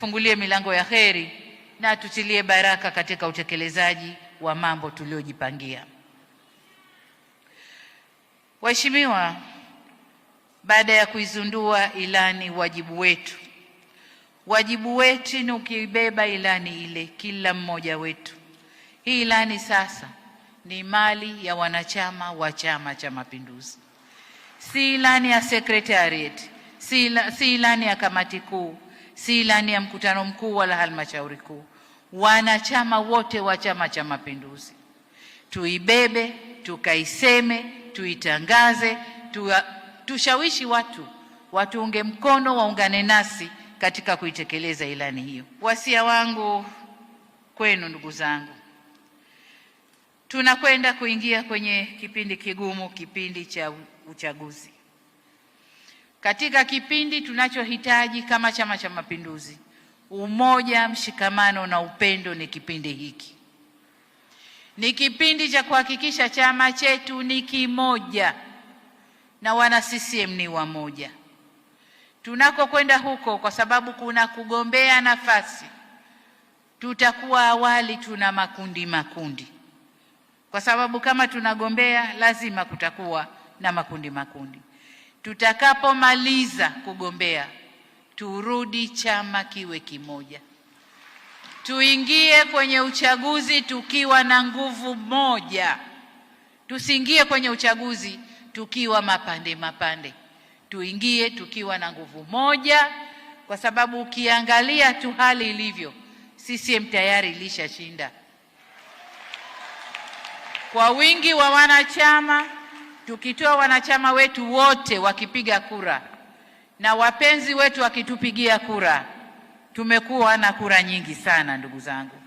Fungulie milango ya heri na tutilie baraka katika utekelezaji wa mambo tuliyojipangia. Waheshimiwa, baada ya kuizundua ilani, wajibu wetu wajibu wetu ni ukibeba ilani ile, kila mmoja wetu. Hii ilani sasa ni mali ya wanachama wa Chama cha Mapinduzi, si ilani ya sekretariat, si ilani ya kamati kuu si ilani ya mkutano mkuu wala halmashauri kuu. Wanachama wote wa Chama cha Mapinduzi tuibebe, tukaiseme, tuitangaze, tuwa, tushawishi watu watuunge mkono, waungane nasi katika kuitekeleza ilani hiyo. Wasia wangu kwenu, ndugu zangu, tunakwenda kuingia kwenye kipindi kigumu, kipindi cha uchaguzi katika kipindi tunachohitaji kama Chama cha Mapinduzi, umoja, mshikamano na upendo. Ni kipindi hiki, ni kipindi cha kuhakikisha chama chetu ni kimoja na wana CCM ni wamoja tunakokwenda huko, kwa sababu kuna kugombea nafasi. Tutakuwa awali tuna makundi makundi, kwa sababu kama tunagombea lazima kutakuwa na makundi makundi. Tutakapomaliza kugombea turudi chama kiwe kimoja, tuingie kwenye uchaguzi tukiwa na nguvu moja. Tusiingie kwenye uchaguzi tukiwa mapande mapande, tuingie tukiwa na nguvu moja, kwa sababu ukiangalia tu hali ilivyo, CCM tayari ilishashinda kwa wingi wa wanachama tukitoa wanachama wetu wote wakipiga kura na wapenzi wetu wakitupigia kura, tumekuwa na kura nyingi sana, ndugu zangu.